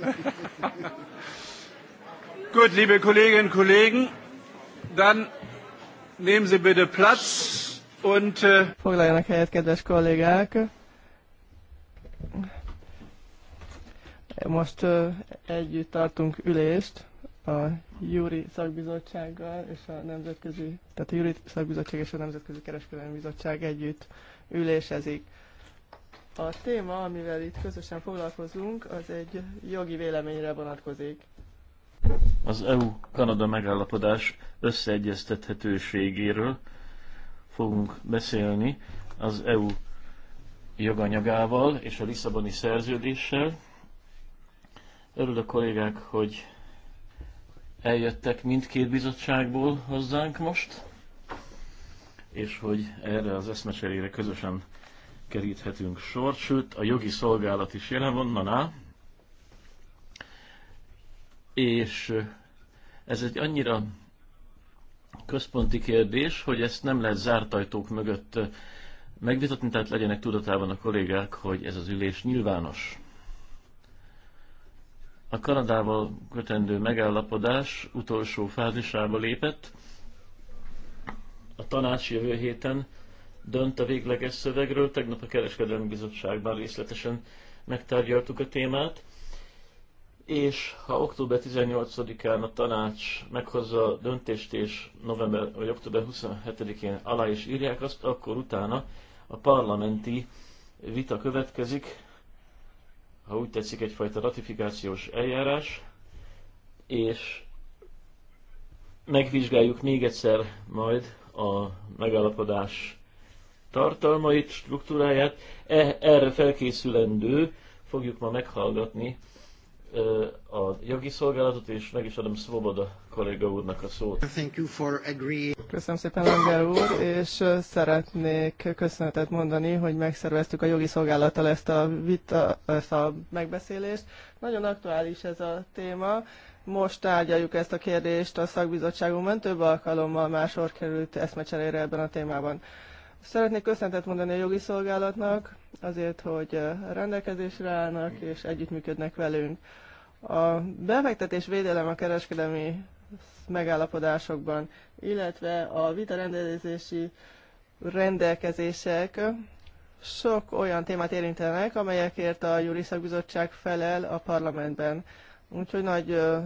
Gut, liebe Kolleginnen und Kollegen, dann nehmen Sie bitte Platz und... Äh, Foglaljanak helyet, kedves kollégák! Most együtt tartunk ülést a Júri Szakbizottsággal és a Nemzetközi, tehát a Júri Szakbizottság és a Nemzetközi Kereskedelmi Bizottság együtt ülésezik. A téma, amivel itt közösen foglalkozunk, az egy jogi véleményre vonatkozik. Az EU-Kanada megállapodás összeegyeztethetőségéről fogunk beszélni az EU joganyagával és a Lisszaboni szerződéssel. Örülök kollégák, hogy eljöttek mindkét bizottságból hozzánk most, és hogy erre az eszmecserére közösen keríthetünk sort, sőt a jogi szolgálat is jelen van, na, na. És eh, ez egy annyira központi kérdés, hogy ezt nem lehet zárt ajtók mögött eh, megvitatni, tehát legyenek tudatában a kollégák, hogy ez az ülés nyilvános. A Kanadával kötendő megállapodás utolsó fázisába lépett. A tanács jövő héten dönt a végleges szövegről. Tegnap a Kereskedelmi Bizottságban részletesen megtárgyaltuk a témát. És ha október 18-án a tanács meghozza a döntést, és november vagy október 27-én alá is írják azt, akkor utána a parlamenti vita következik, ha úgy tetszik, egyfajta ratifikációs eljárás, és megvizsgáljuk még egyszer majd a megállapodás tartalmait, struktúráját, e, erre felkészülendő fogjuk ma meghallgatni a jogi szolgálatot, és meg is adom Svoboda kolléga úrnak a szót. Thank you for agreeing. Köszönöm szépen, Langer úr, és szeretnék köszönetet mondani, hogy megszerveztük a jogi szolgálattal ezt a, vita, ezt a megbeszélést. Nagyon aktuális ez a téma. Most tárgyaljuk ezt a kérdést a szakbizottságunkban, több alkalommal már sor került eszmecserére ebben a témában. Szeretnék köszöntet mondani a jogi szolgálatnak azért, hogy eh, rendelkezésre állnak és együttműködnek velünk. A befektetés védelem a kereskedelmi megállapodásokban, illetve a vita rendelkezési rendelkezések sok olyan témát érintenek, amelyekért a Júri Szakbizottság felel a parlamentben. Úgyhogy nagy eh,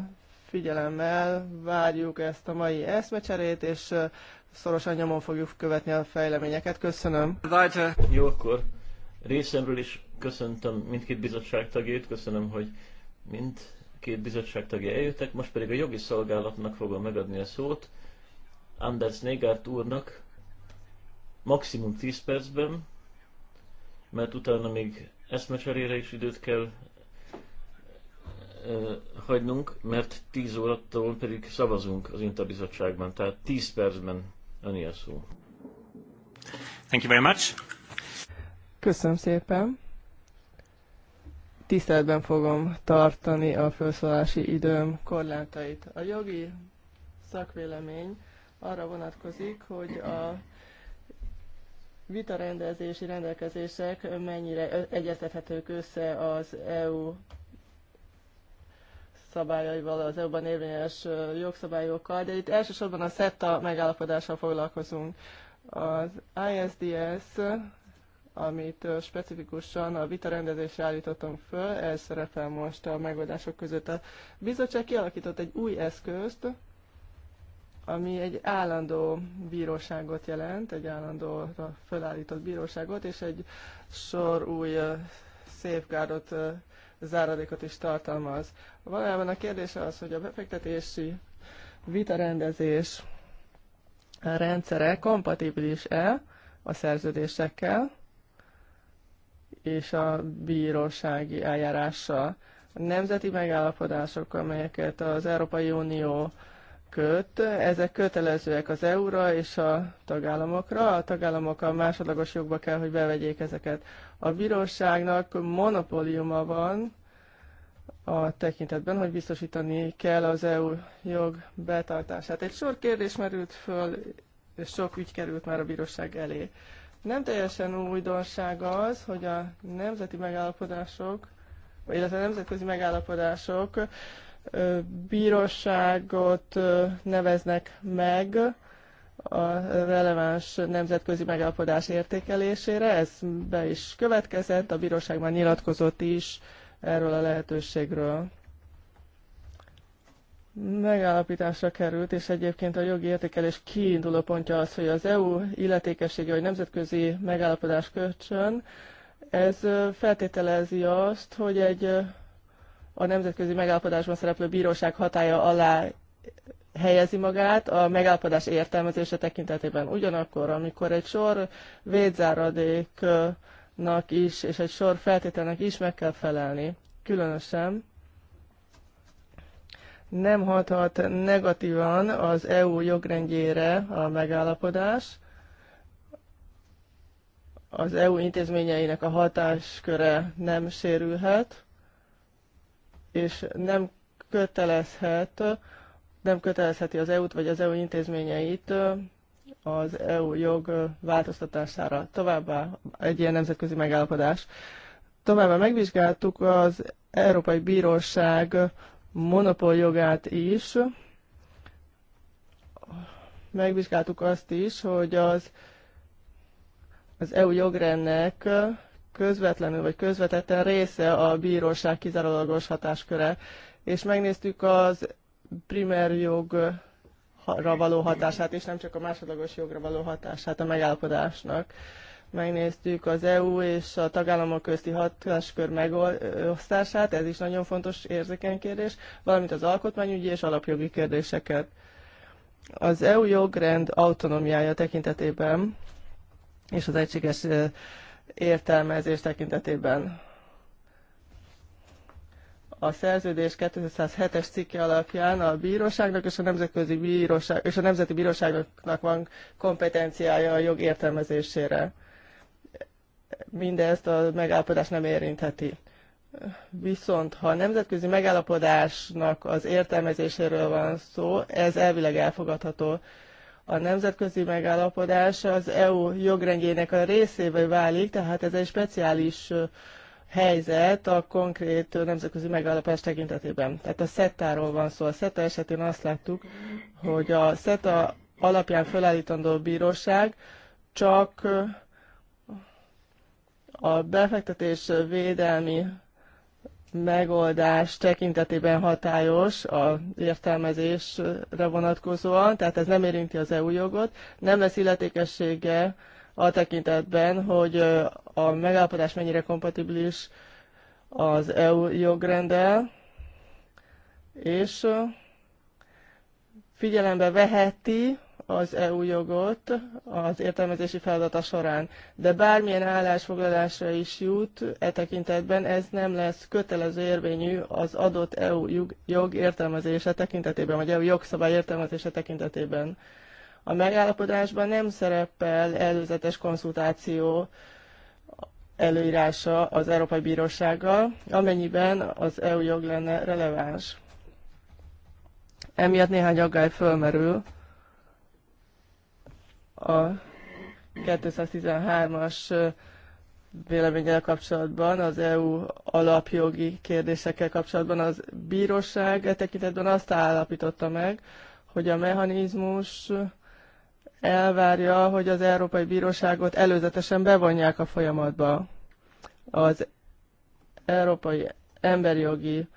figyelemmel várjuk ezt a mai eszmecserét, és eh, szorosan nyomon fogjuk követni a fejleményeket. Köszönöm. Jó, akkor részemről is köszöntöm mindkét bizottság tagjait, köszönöm, hogy mind két bizottság tagja eljöttek, most pedig a jogi szolgálatnak fogom megadni a szót. Anders Négárt úrnak maximum 10 percben, mert utána még eszmecserére is időt kell hagynunk, mert 10 órattól pedig szavazunk az interbizottságban, tehát 10 percben szó. Thank you very much. Köszönöm szépen. Tiszteletben fogom tartani a felszólási időm korlátait. A jogi szakvélemény arra vonatkozik, hogy a vitarendezési rendelkezések mennyire egyeztethetők össze az EU szabályaival, az EU-ban érvényes jogszabályokkal, de itt elsősorban a SETA megállapodással foglalkozunk. Az ISDS, amit specifikusan a vitarendezésre állítottunk föl, ez szerepel most a megoldások között. A bizottság kialakított egy új eszközt, ami egy állandó bíróságot jelent, egy állandó fölállított bíróságot, és egy sor új safeguardot záradékot is tartalmaz. Valójában a kérdés az, hogy a befektetési vitarendezés rendszere kompatibilis-e a szerződésekkel és a bírósági eljárással. A nemzeti megállapodások, amelyeket az Európai Unió köt, ezek kötelezőek az EU-ra és a tagállamokra. A tagállamok a másodlagos jogba kell, hogy bevegyék ezeket. A bíróságnak monopóliuma van a tekintetben, hogy biztosítani kell az EU jog betartását. Egy sor kérdés merült föl, és sok ügy került már a bíróság elé. Nem teljesen újdonság az, hogy a nemzeti megállapodások, illetve a nemzetközi megállapodások bíróságot neveznek meg, a releváns nemzetközi megállapodás értékelésére. Ez be is következett, a bíróság már nyilatkozott is erről a lehetőségről. Megállapításra került, és egyébként a jogi értékelés kiinduló pontja az, hogy az EU illetékessége hogy nemzetközi megállapodás kölcsön, ez feltételezi azt, hogy egy a nemzetközi megállapodásban szereplő bíróság hatája alá helyezi magát a megállapodás értelmezése tekintetében. Ugyanakkor, amikor egy sor védzáradéknak is, és egy sor feltételnek is meg kell felelni, különösen nem hathat negatívan az EU jogrendjére a megállapodás, az EU intézményeinek a hatásköre nem sérülhet, és nem kötelezhet nem kötelezheti az EU-t vagy az EU intézményeit az EU jog változtatására. Továbbá egy ilyen nemzetközi megállapodás. Továbbá megvizsgáltuk az Európai Bíróság monopóljogát is. Megvizsgáltuk azt is, hogy az, az EU jogrendnek közvetlenül vagy közvetetten része a bíróság kizárólagos hatásköre, és megnéztük az primer jogra való hatását, és nem csak a másodlagos jogra való hatását a megállapodásnak. Megnéztük az EU és a tagállamok közti hatáskör megosztását, ez is nagyon fontos érzékeny kérdés, valamint az alkotmányügyi és alapjogi kérdéseket. Az EU jogrend autonómiája tekintetében és az egységes értelmezés tekintetében a szerződés 207-es cikke alapján a bíróságnak és a nemzetközi bíróság és a nemzeti bíróságoknak van kompetenciája a jog értelmezésére. Mindezt a megállapodás nem érintheti. Viszont ha a nemzetközi megállapodásnak az értelmezéséről van szó, ez elvileg elfogadható. A nemzetközi megállapodás az EU jogrendjének a részévé válik, tehát ez egy speciális uh, helyzet a konkrét nemzetközi megállapás tekintetében. Tehát a SETA-ról van szó. A SETA esetén azt láttuk, hogy a SETA alapján felállítandó bíróság csak a befektetés védelmi megoldás tekintetében hatályos a értelmezésre vonatkozóan, tehát ez nem érinti az EU jogot, nem lesz illetékessége a tekintetben, hogy a megállapodás mennyire kompatibilis az EU jogrendel, és figyelembe veheti az EU jogot az értelmezési feladata során. De bármilyen állásfoglalásra is jut e tekintetben, ez nem lesz kötelező érvényű az adott EU jog értelmezése tekintetében, vagy EU jogszabály értelmezése tekintetében. A megállapodásban nem szerepel előzetes konzultáció előírása az Európai Bírósággal, amennyiben az EU jog lenne releváns. Emiatt néhány aggály fölmerül a 213-as véleményel kapcsolatban, az EU alapjogi kérdésekkel kapcsolatban az bíróság tekintetben azt állapította meg, hogy a mechanizmus elvárja, hogy az Európai Bíróságot előzetesen bevonják a folyamatba. Az Európai Emberi Jogi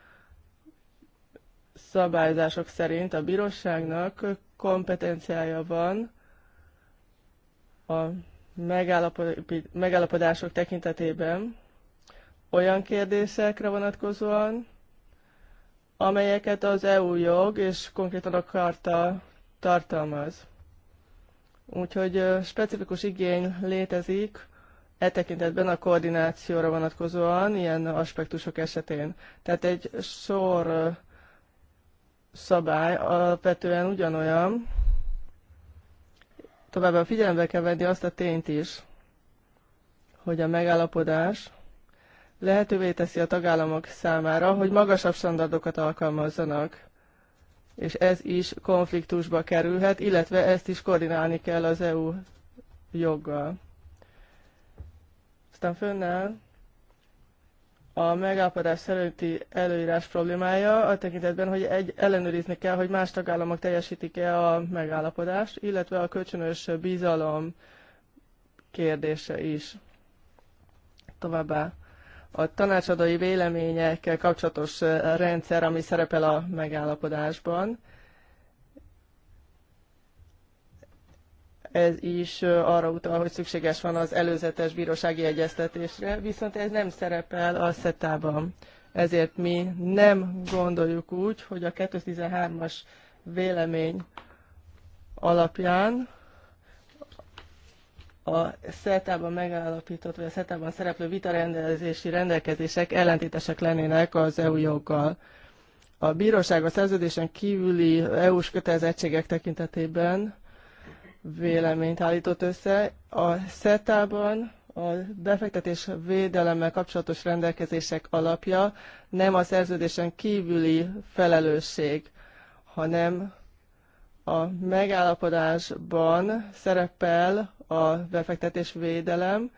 szabályzások szerint a bíróságnak kompetenciája van a megállapodások tekintetében olyan kérdésekre vonatkozóan, amelyeket az EU jog és konkrétan a karta tartalmaz. Úgyhogy specifikus igény létezik e tekintetben a koordinációra vonatkozóan ilyen aspektusok esetén. Tehát egy sor szabály alapvetően ugyanolyan, továbbá figyelembe kell venni azt a tényt is, hogy a megállapodás lehetővé teszi a tagállamok számára, hogy magasabb standardokat alkalmazzanak és ez is konfliktusba kerülhet, illetve ezt is koordinálni kell az EU joggal. Aztán fönnáll a megállapodás szerinti előírás problémája a tekintetben, hogy egy ellenőrizni kell, hogy más tagállamok teljesítik-e a megállapodást, illetve a kölcsönös bizalom kérdése is. Továbbá a tanácsadói véleményekkel kapcsolatos rendszer, ami szerepel a megállapodásban. Ez is arra utal, hogy szükséges van az előzetes bírósági egyeztetésre, viszont ez nem szerepel a szetában. Ezért mi nem gondoljuk úgy, hogy a 2013-as vélemény alapján a szeltában megállapított, vagy a szeltában szereplő vitarendezési rendelkezések ellentétesek lennének az EU joggal. A bíróság a szerződésen kívüli EU-s kötelezettségek tekintetében véleményt állított össze. A szetában a befektetés védelemmel kapcsolatos rendelkezések alapja nem a szerződésen kívüli felelősség, hanem a megállapodásban szerepel a befektetésvédelem,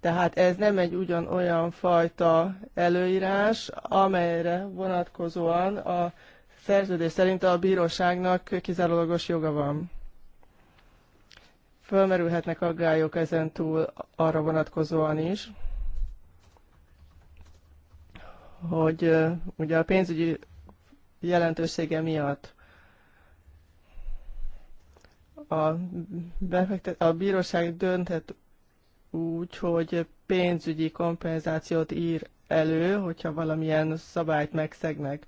tehát ez nem egy ugyanolyan fajta előírás, amelyre vonatkozóan a szerződés szerint a bíróságnak kizárólagos joga van. Fölmerülhetnek aggályok ezen túl arra vonatkozóan is, hogy ugye a pénzügyi jelentősége miatt a, befektet, a bíróság dönthet úgy, hogy pénzügyi kompenzációt ír elő, hogyha valamilyen szabályt megszegnek.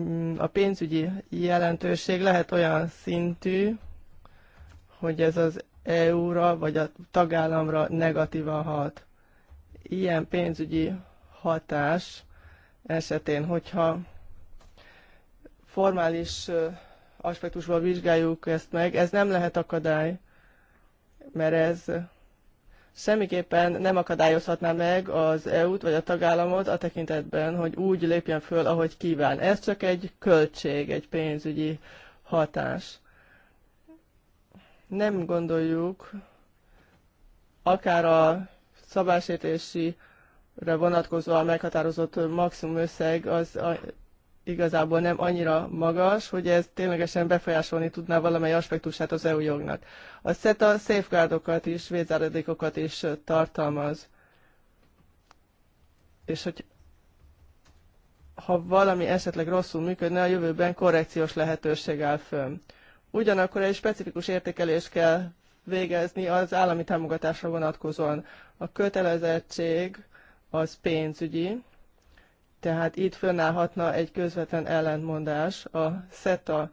Mm, a pénzügyi jelentőség lehet olyan szintű, hogy ez az EU-ra vagy a tagállamra negatívan hat. Ilyen pénzügyi hatás esetén, hogyha formális aspektusból vizsgáljuk ezt meg. Ez nem lehet akadály, mert ez semmiképpen nem akadályozhatná meg az EU-t vagy a tagállamot a tekintetben, hogy úgy lépjen föl, ahogy kíván. Ez csak egy költség, egy pénzügyi hatás. Nem gondoljuk, akár a szabásértési vonatkozóan meghatározott maximum összeg az igazából nem annyira magas, hogy ez ténylegesen befolyásolni tudná valamely aspektusát az EU jognak. A SETA safeguardokat is, védzáradékokat is tartalmaz. És hogy ha valami esetleg rosszul működne, a jövőben korrekciós lehetőség áll fönn. Ugyanakkor egy specifikus értékelést kell végezni az állami támogatásra vonatkozóan. A kötelezettség az pénzügyi, tehát itt fönnállhatna egy közvetlen ellentmondás a SETA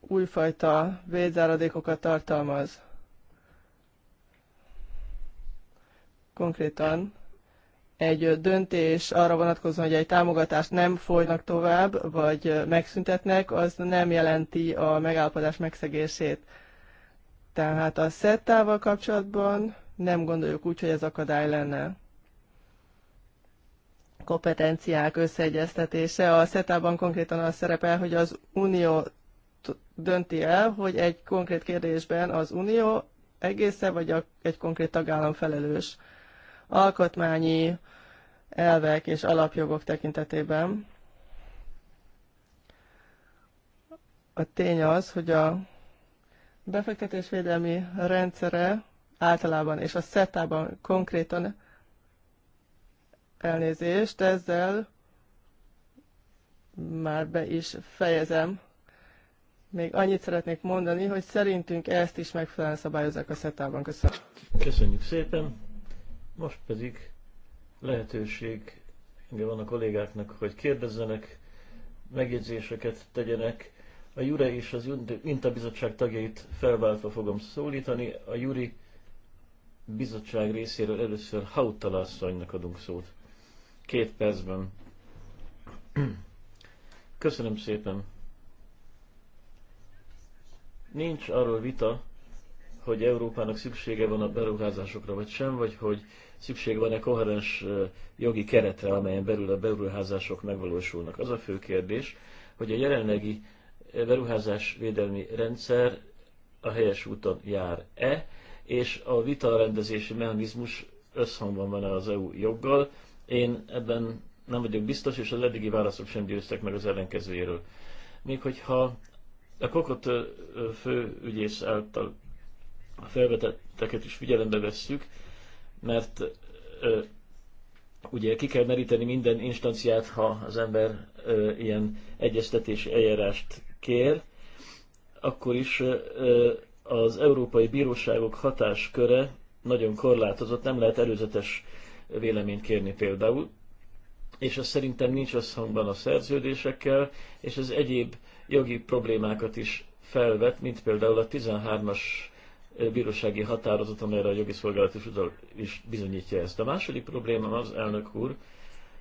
újfajta védzáradékokat tartalmaz. Konkrétan egy döntés arra vonatkozóan, hogy egy támogatást nem folynak tovább, vagy megszüntetnek, az nem jelenti a megállapodás megszegését. Tehát a SETA-val kapcsolatban nem gondoljuk úgy, hogy ez akadály lenne kompetenciák összeegyeztetése. A SETA-ban konkrétan az szerepel, hogy az Unió dönti el, hogy egy konkrét kérdésben az Unió egészen vagy a, egy konkrét tagállam felelős alkotmányi elvek és alapjogok tekintetében. A tény az, hogy a befektetésvédelmi rendszere általában és a SETA-ban konkrétan Elnézést, ezzel már be is fejezem. Még annyit szeretnék mondani, hogy szerintünk ezt is megfelelően szabályozzák a szetában. Köszönöm. Köszönjük szépen. Most pedig lehetőség van a kollégáknak, hogy kérdezzenek, megjegyzéseket tegyenek. A Jure és az Inta bizottság tagjait felváltva fogom szólítani. A Juri bizottság részéről először Hautala asszonynak adunk szót. Két percben. Köszönöm szépen. Nincs arról vita, hogy Európának szüksége van a beruházásokra, vagy sem, vagy hogy szükség van-e koherens jogi keretre, amelyen belül a beruházások megvalósulnak. Az a fő kérdés, hogy a jelenlegi beruházás védelmi rendszer a helyes úton jár-e, és a vita rendezési mechanizmus összhangban van e az EU joggal, én ebben nem vagyok biztos, és az eddigi válaszok sem győztek meg az ellenkezőjéről. Még hogyha a Kokot főügyész által a felvetetteket is figyelembe vesszük, mert ö, ugye ki kell meríteni minden instanciát, ha az ember ö, ilyen egyeztetési eljárást kér, akkor is ö, az európai bíróságok hatásköre nagyon korlátozott, nem lehet előzetes véleményt kérni például, és ez szerintem nincs összhangban a szerződésekkel, és ez egyéb jogi problémákat is felvet, mint például a 13-as bírósági határozat, amelyre a jogi szolgálat is, is bizonyítja ezt. A második probléma az, elnök úr,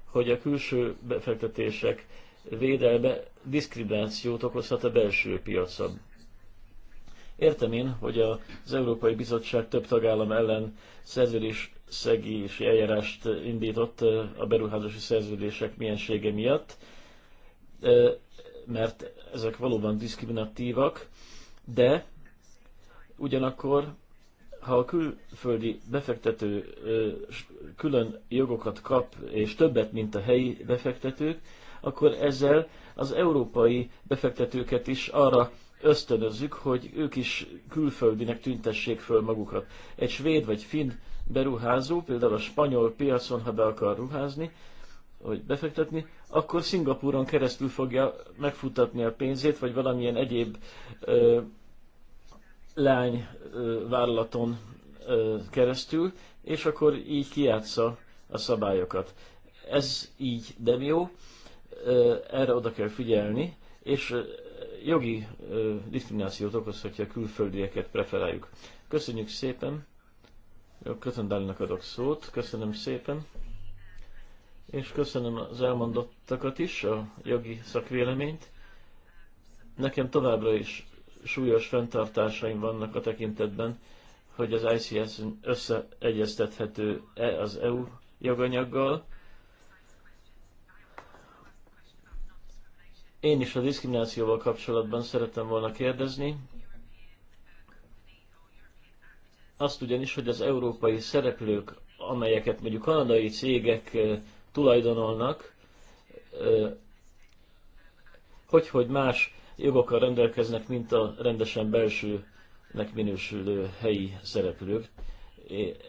hogy a külső befektetések védelme diszkriminációt okozhat a belső piacon. Értem én, hogy az Európai Bizottság több tagállam ellen szerződés szegési eljárást indított a beruházási szerződések miensége miatt, mert ezek valóban diszkriminatívak, de ugyanakkor, ha a külföldi befektető külön jogokat kap, és többet, mint a helyi befektetők, akkor ezzel az európai befektetőket is arra ösztönözzük, hogy ők is külföldinek tüntessék föl magukat. Egy svéd vagy finn beruházó, például a spanyol piacon, ha be akar ruházni, vagy befektetni, akkor Szingapúron keresztül fogja megfutatni a pénzét, vagy valamilyen egyéb ö, lány ö, vállalaton ö, keresztül, és akkor így kiátsza a szabályokat. Ez így nem jó, ö, erre oda kell figyelni, és jogi diszkriminációt okozhatja a külföldieket preferáljuk. Köszönjük szépen! Jó Dálinak adok szót. Köszönöm szépen. És köszönöm az elmondottakat is, a jogi szakvéleményt. Nekem továbbra is súlyos fenntartásaim vannak a tekintetben, hogy az ICS összeegyeztethető-e az EU joganyaggal. Én is a diszkriminációval kapcsolatban szeretem volna kérdezni, azt ugyanis, hogy az európai szereplők, amelyeket mondjuk kanadai cégek tulajdonolnak, hogy, hogy más jogokkal rendelkeznek, mint a rendesen belsőnek minősülő helyi szereplők.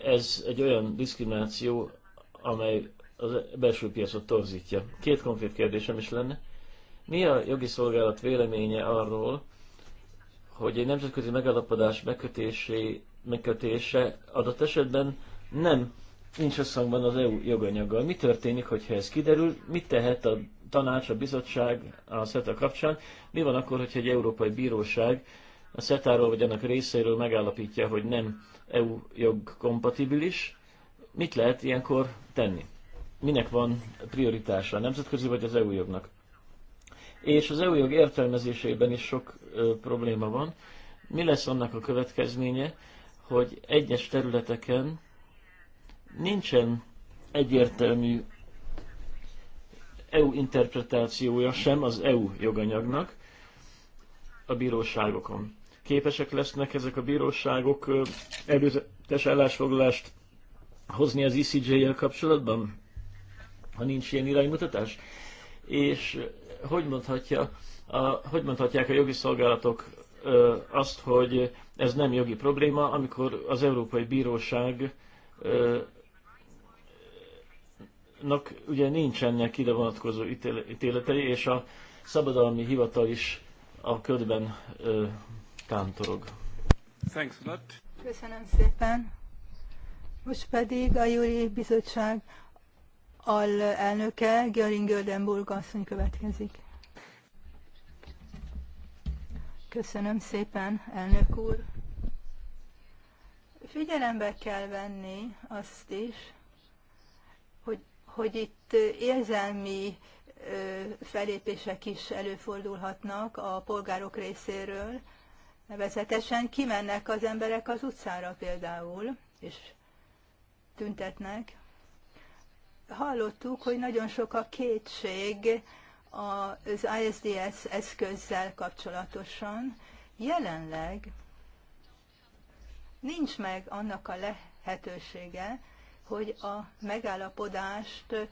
Ez egy olyan diszkrimináció, amely a belső piacot torzítja. Két konkrét kérdésem is lenne. Mi a jogi szolgálat véleménye arról, hogy egy nemzetközi megalapodás bekötésé megkötése adott esetben nem nincs összhangban az EU joganyaggal. Mi történik, hogyha ez kiderül? Mit tehet a tanács, a bizottság a SETA kapcsán? Mi van akkor, hogyha egy európai bíróság a SETA-ról vagy annak részéről megállapítja, hogy nem EU jog kompatibilis? Mit lehet ilyenkor tenni? Minek van prioritása, a nemzetközi vagy az EU jognak? És az EU jog értelmezésében is sok ö, probléma van. Mi lesz annak a következménye, hogy egyes területeken nincsen egyértelmű EU interpretációja sem az EU joganyagnak a bíróságokon. Képesek lesznek ezek a bíróságok előzetes állásfoglalást hozni az icj e jel kapcsolatban, ha nincs ilyen iránymutatás? És hogy, mondhatja, a, hogy mondhatják a jogi szolgálatok azt, hogy ez nem jogi probléma, amikor az Európai Bíróság nak ugye nincsenek ide vonatkozó ítéletei, és a szabadalmi hivatal is a ködben ö, kántorog. Thanks a lot. Köszönöm szépen. Most pedig a Júri Bizottság al elnöke, Göring Gördenburg asszony következik. Köszönöm szépen, elnök úr. Figyelembe kell venni azt is, hogy, hogy itt érzelmi felépések is előfordulhatnak a polgárok részéről. Nevezetesen kimennek az emberek az utcára például, és tüntetnek. Hallottuk, hogy nagyon sok a kétség, az ISDS eszközzel kapcsolatosan jelenleg nincs meg annak a lehetősége, hogy a megállapodást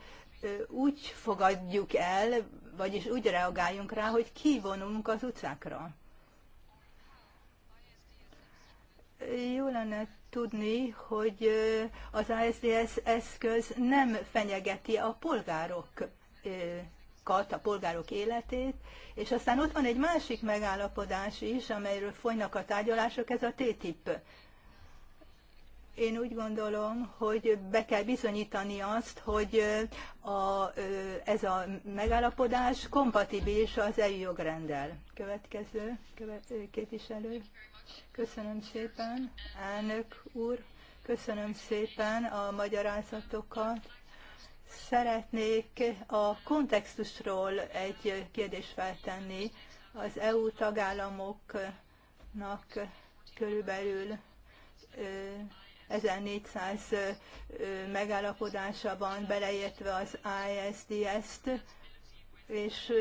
úgy fogadjuk el, vagyis úgy reagáljunk rá, hogy kivonulunk az utcákra. Jó lenne tudni, hogy az ASDS eszköz nem fenyegeti a polgárok polgárokat, a polgárok életét, és aztán ott van egy másik megállapodás is, amelyről folynak a tárgyalások, ez a TTIP. Én úgy gondolom, hogy be kell bizonyítani azt, hogy a, ez a megállapodás kompatibilis az EU jogrendel. Következő képviselő. Köszönöm szépen, elnök úr. Köszönöm szépen a magyarázatokat Szeretnék a kontextusról egy kérdést feltenni. Az EU tagállamoknak körülbelül 1400 megállapodása van, beleértve az ISDS-t, és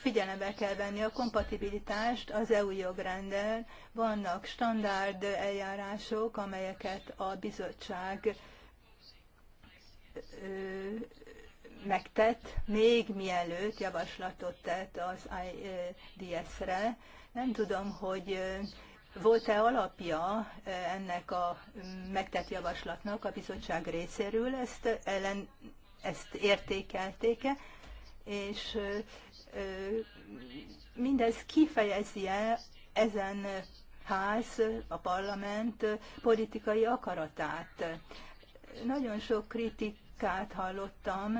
figyelembe kell venni a kompatibilitást az EU jogrendel. Vannak standard eljárások, amelyeket a bizottság megtett, még mielőtt javaslatot tett az IDS-re. Nem tudom, hogy volt-e alapja ennek a megtett javaslatnak a bizottság részéről, ezt, ellen, ezt értékelték-e, és mindez kifejezi-e ezen ház, a parlament politikai akaratát. Nagyon sok kritik ritkát hallottam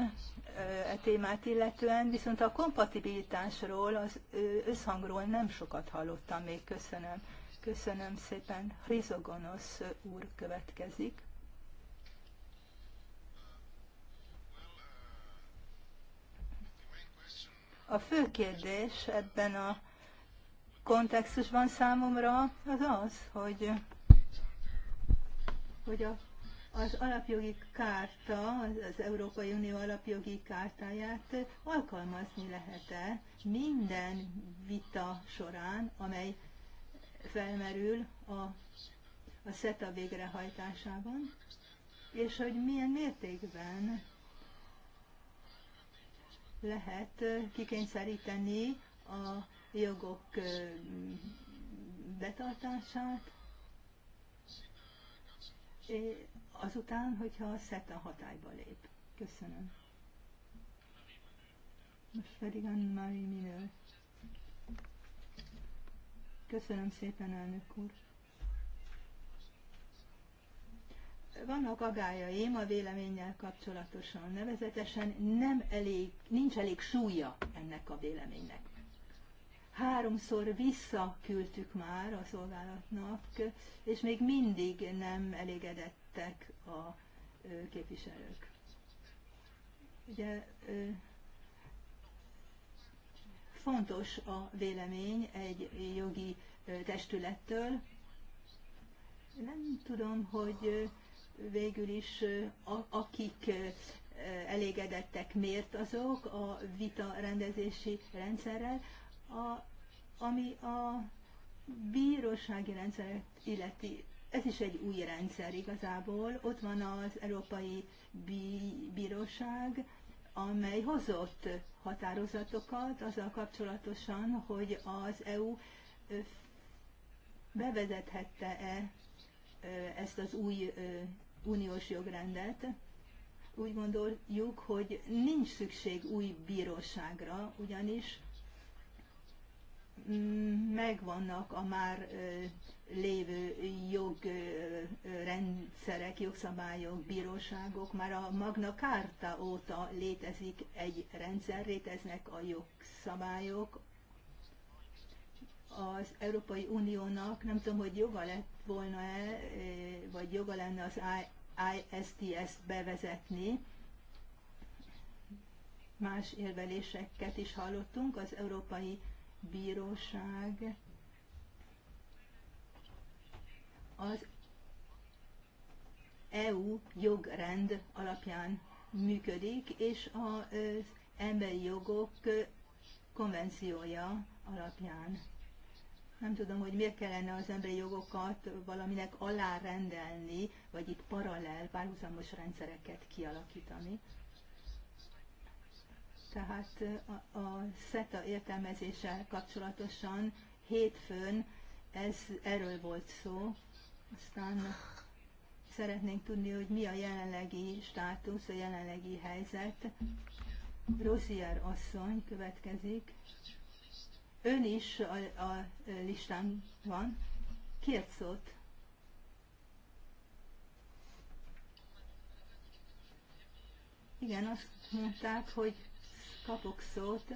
e témát illetően, viszont a kompatibilitásról, az összhangról nem sokat hallottam még. Köszönöm. Köszönöm szépen. Rizogonosz úr következik. A fő kérdés ebben a kontextusban számomra az az, hogy, hogy a az alapjogi kárta, az Európai Unió alapjogi kártáját alkalmazni lehet-e minden vita során, amely felmerül a, a SETA végrehajtásában, és hogy milyen mértékben lehet kikényszeríteni a jogok betartását, azután, hogyha a a hatályba lép. Köszönöm. Most pedig Anne-Marie Minő. Köszönöm szépen, elnök úr. Vannak agályaim a véleménnyel kapcsolatosan, nevezetesen nem elég, nincs elég súlya ennek a véleménynek. Háromszor visszaküldtük már a szolgálatnak, és még mindig nem elégedett tettek a képviselők. Ugye fontos a vélemény egy jogi testülettől. Nem tudom, hogy végül is a, akik elégedettek miért azok a vita rendezési rendszerrel, a, ami a bírósági rendszeret illeti. Ez is egy új rendszer igazából. Ott van az Európai Bíróság, amely hozott határozatokat azzal kapcsolatosan, hogy az EU bevezethette-e ezt az új uniós jogrendet. Úgy gondoljuk, hogy nincs szükség új bíróságra, ugyanis megvannak a már lévő jogrendszerek, jogszabályok, bíróságok, már a Magna Carta óta létezik egy rendszer, léteznek a jogszabályok. Az Európai Uniónak nem tudom, hogy joga lett volna-e, vagy joga lenne az ISTS-t bevezetni, más érveléseket is hallottunk az Európai bíróság az EU jogrend alapján működik, és az emberi jogok konvenciója alapján. Nem tudom, hogy miért kellene az emberi jogokat valaminek alárendelni, vagy itt paralel, párhuzamos rendszereket kialakítani. Tehát a, a SETA értelmezéssel kapcsolatosan hétfőn ez, erről volt szó. Aztán szeretnénk tudni, hogy mi a jelenlegi státusz, a jelenlegi helyzet. Rosier asszony következik. Ön is a, a listán van. Kért szót. Igen, azt mondták, hogy kapok szót.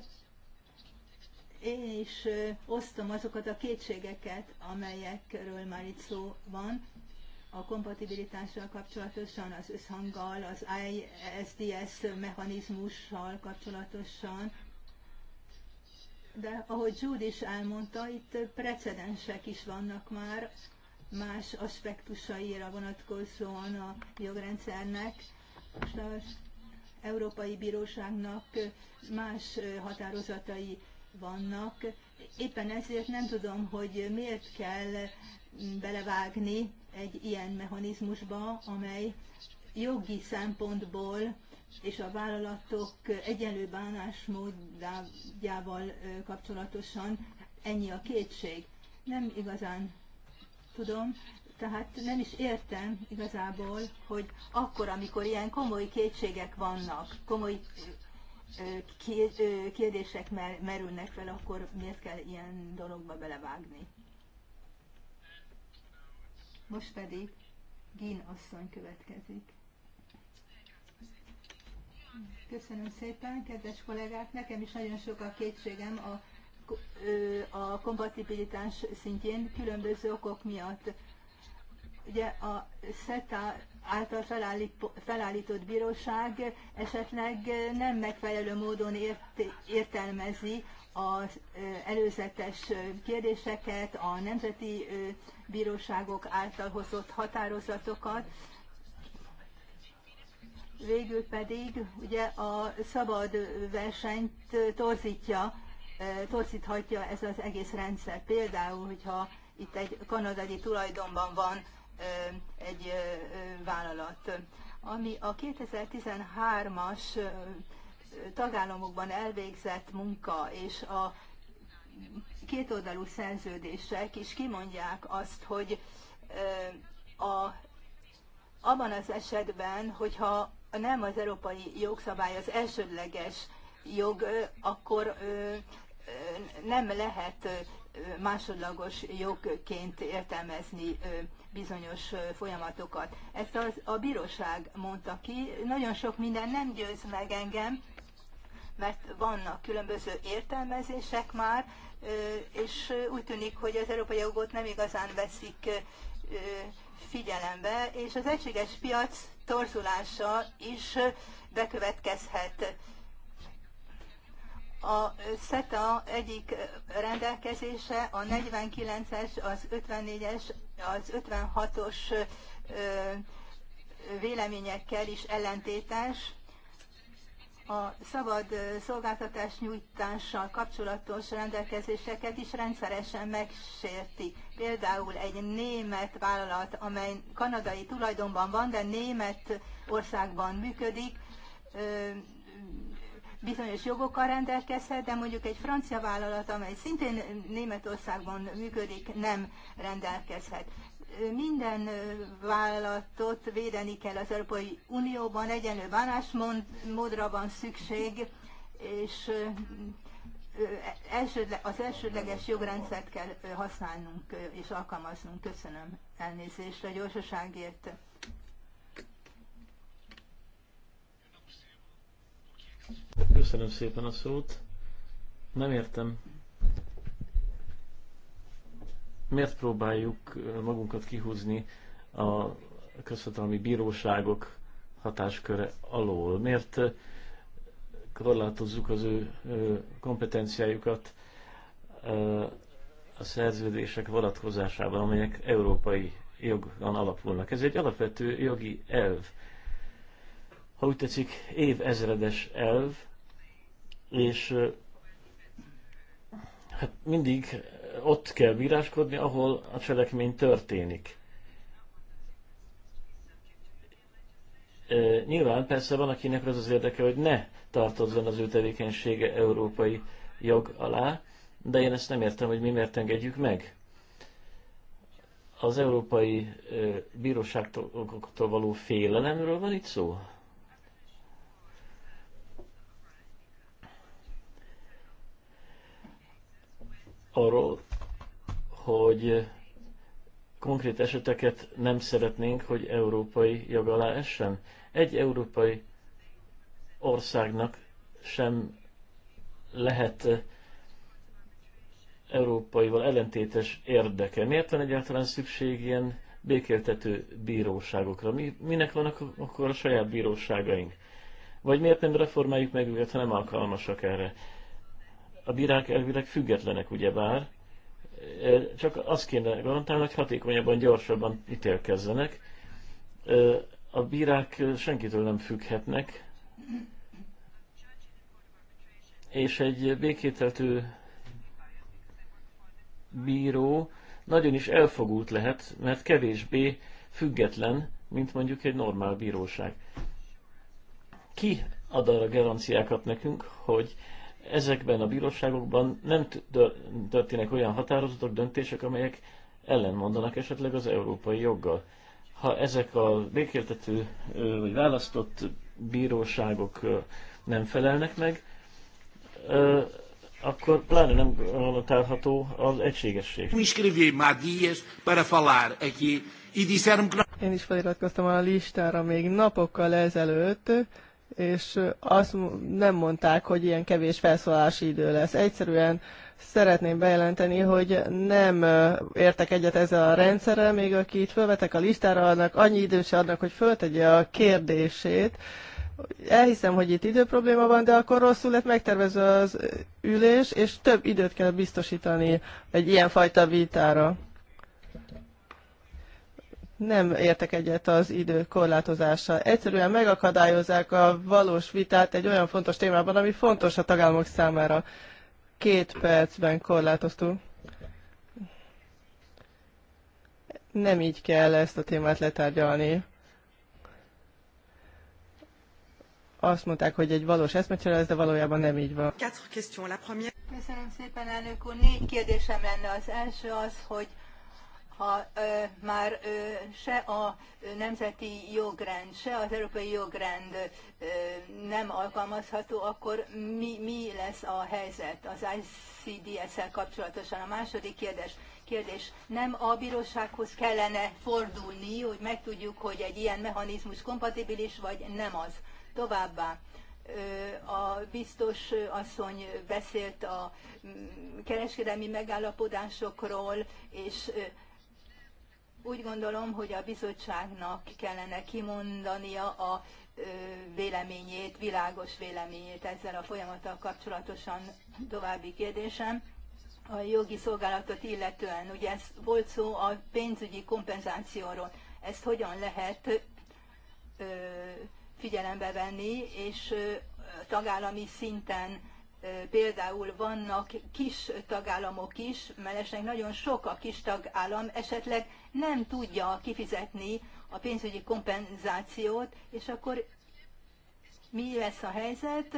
Én is osztom azokat a kétségeket, amelyekről már itt szó van, a kompatibilitással kapcsolatosan, az összhanggal, az ISDS mechanizmussal kapcsolatosan, de ahogy Jude is elmondta, itt precedensek is vannak már más aspektusaira vonatkozóan a jogrendszernek. Most Európai Bíróságnak más határozatai vannak. Éppen ezért nem tudom, hogy miért kell belevágni egy ilyen mechanizmusba, amely jogi szempontból és a vállalatok egyenlő bánásmódjával kapcsolatosan ennyi a kétség. Nem igazán tudom, tehát nem is értem igazából, hogy akkor, amikor ilyen komoly kétségek vannak, komoly kérdések merülnek fel, akkor miért kell ilyen dologba belevágni? Most pedig Gin asszony következik. Köszönöm szépen, kedves kollégák! Nekem is nagyon sok a kétségem a, a kompatibilitás szintjén különböző okok miatt ugye a SETA által felállított bíróság esetleg nem megfelelő módon ért, értelmezi az előzetes kérdéseket, a nemzeti bíróságok által hozott határozatokat, végül pedig ugye a szabad versenyt torzítja, torzíthatja ez az egész rendszer. Például, hogyha itt egy kanadai tulajdonban van egy vállalat. Ami a 2013-as tagállamokban elvégzett munka és a kétoldalú szerződések is kimondják azt, hogy a, abban az esetben, hogyha nem az európai jogszabály az elsődleges jog, akkor nem lehet másodlagos jogként értelmezni bizonyos folyamatokat. Ezt az, a bíróság mondta ki, nagyon sok minden nem győz meg engem, mert vannak különböző értelmezések már, és úgy tűnik, hogy az európai jogot nem igazán veszik figyelembe, és az egységes piac torzulása is bekövetkezhet a SETA egyik rendelkezése a 49-es, az 54-es, az 56-os véleményekkel is ellentétes. A szabad szolgáltatás nyújtással kapcsolatos rendelkezéseket is rendszeresen megsérti. Például egy német vállalat, amely kanadai tulajdonban van, de német országban működik, bizonyos jogokkal rendelkezhet, de mondjuk egy francia vállalat, amely szintén Németországban működik, nem rendelkezhet. Minden vállalatot védeni kell az Európai Unióban, egyenlő bánásmódra van szükség, és az elsődleges jogrendszert kell használnunk és alkalmaznunk. Köszönöm elnézést a gyorsaságért. Köszönöm szépen a szót. Nem értem. Miért próbáljuk eh, magunkat kihúzni a közhatalmi bíróságok hatásköre alól? Miért eh, korlátozzuk az ő eh, kompetenciájukat a szerződések vonatkozásában, amelyek európai jogon alapulnak? Ez egy alapvető jogi elv ha úgy tetszik, évezredes elv, és hát mindig ott kell bíráskodni, ahol a cselekmény történik. Nyilván persze van, akinek az az érdeke, hogy ne tartozzon az ő tevékenysége európai jog alá, de én ezt nem értem, hogy mi miért engedjük meg. Az Európai Bíróságtól való félelemről van itt szó? arról, hogy konkrét eseteket nem szeretnénk, hogy európai jog alá essen. Egy európai országnak sem lehet európaival ellentétes érdeke. Miért van egyáltalán szükség ilyen békéltető bíróságokra? Mi, minek vannak akkor a saját bíróságaink? Vagy miért nem reformáljuk meg őket, ha nem alkalmasak erre? A bírák elvileg függetlenek, ugyebár, csak azt kéne garantálni, hogy hatékonyabban, gyorsabban ítélkezzenek. A bírák senkitől nem függhetnek, és egy békételtő bíró nagyon is elfogult lehet, mert kevésbé független, mint mondjuk egy normál bíróság. Ki ad arra garanciákat nekünk, hogy ezekben a bíróságokban nem történnek olyan határozatok, döntések, amelyek ellenmondanak esetleg az európai joggal. Ha ezek a békéltető vagy választott bíróságok nem felelnek meg, akkor pláne nem garantálható az egységesség. Én is feliratkoztam a listára még napokkal ezelőtt, és azt nem mondták, hogy ilyen kevés felszólási idő lesz. Egyszerűen szeretném bejelenteni, hogy nem értek egyet ezzel a rendszerrel, még itt fölvetek a listára, annak annyi időt se adnak, hogy föltegye a kérdését. Elhiszem, hogy itt időprobléma van, de akkor rosszul lett megtervezve az ülés, és több időt kell biztosítani egy ilyenfajta vitára nem értek egyet az idő korlátozása. Egyszerűen megakadályozzák a valós vitát egy olyan fontos témában, ami fontos a tagállamok számára. Két percben korlátoztunk. Nem így kell ezt a témát letárgyalni. Azt mondták, hogy egy valós eszmecsere ez, de valójában nem így van. Köszönöm szépen, elnök úr. Négy kérdésem lenne. Az első az, hogy ha már se a nemzeti jogrend, se az európai jogrend nem alkalmazható, akkor mi, mi lesz a helyzet az ICDS-el kapcsolatosan? A második kérdés, kérdés, nem a bírósághoz kellene fordulni, hogy megtudjuk, hogy egy ilyen mechanizmus kompatibilis, vagy nem az. Továbbá, a biztos asszony beszélt a mm, kereskedelmi megállapodásokról, és úgy gondolom, hogy a bizottságnak kellene kimondania a véleményét, világos véleményét ezzel a folyamattal kapcsolatosan további kérdésem. A jogi szolgálatot illetően, ugye ez volt szó a pénzügyi kompenzációról, ezt hogyan lehet figyelembe venni, és tagállami szinten például vannak kis tagállamok is, mert esetleg nagyon sok a kis tagállam, esetleg nem tudja kifizetni a pénzügyi kompenzációt, és akkor mi lesz a helyzet?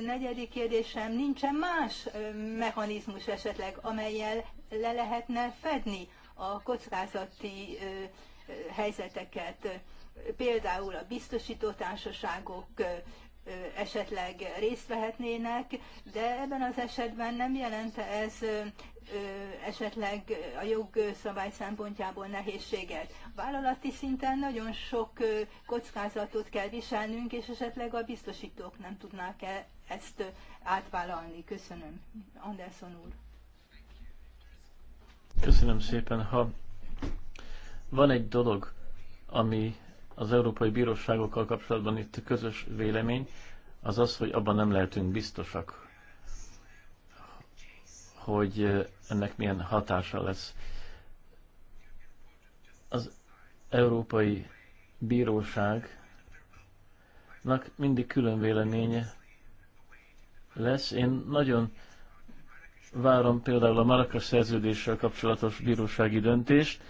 Negyedik kérdésem, nincsen más mechanizmus esetleg, amelyel le lehetne fedni a kockázati helyzeteket, például a biztosítótársaságok esetleg részt vehetnének, de ebben az esetben nem jelente ez esetleg a jogszabály szempontjából nehézséget. Vállalati szinten nagyon sok kockázatot kell viselnünk, és esetleg a biztosítók nem tudnák -e ezt átvállalni. Köszönöm, Anderson úr. Köszönöm szépen. Ha van egy dolog, ami az Európai Bíróságokkal kapcsolatban itt közös vélemény, az az, hogy abban nem lehetünk biztosak, hogy ennek milyen hatása lesz. Az Európai Bíróságnak mindig külön véleménye lesz. Én nagyon várom például a Marakas szerződéssel kapcsolatos bírósági döntést,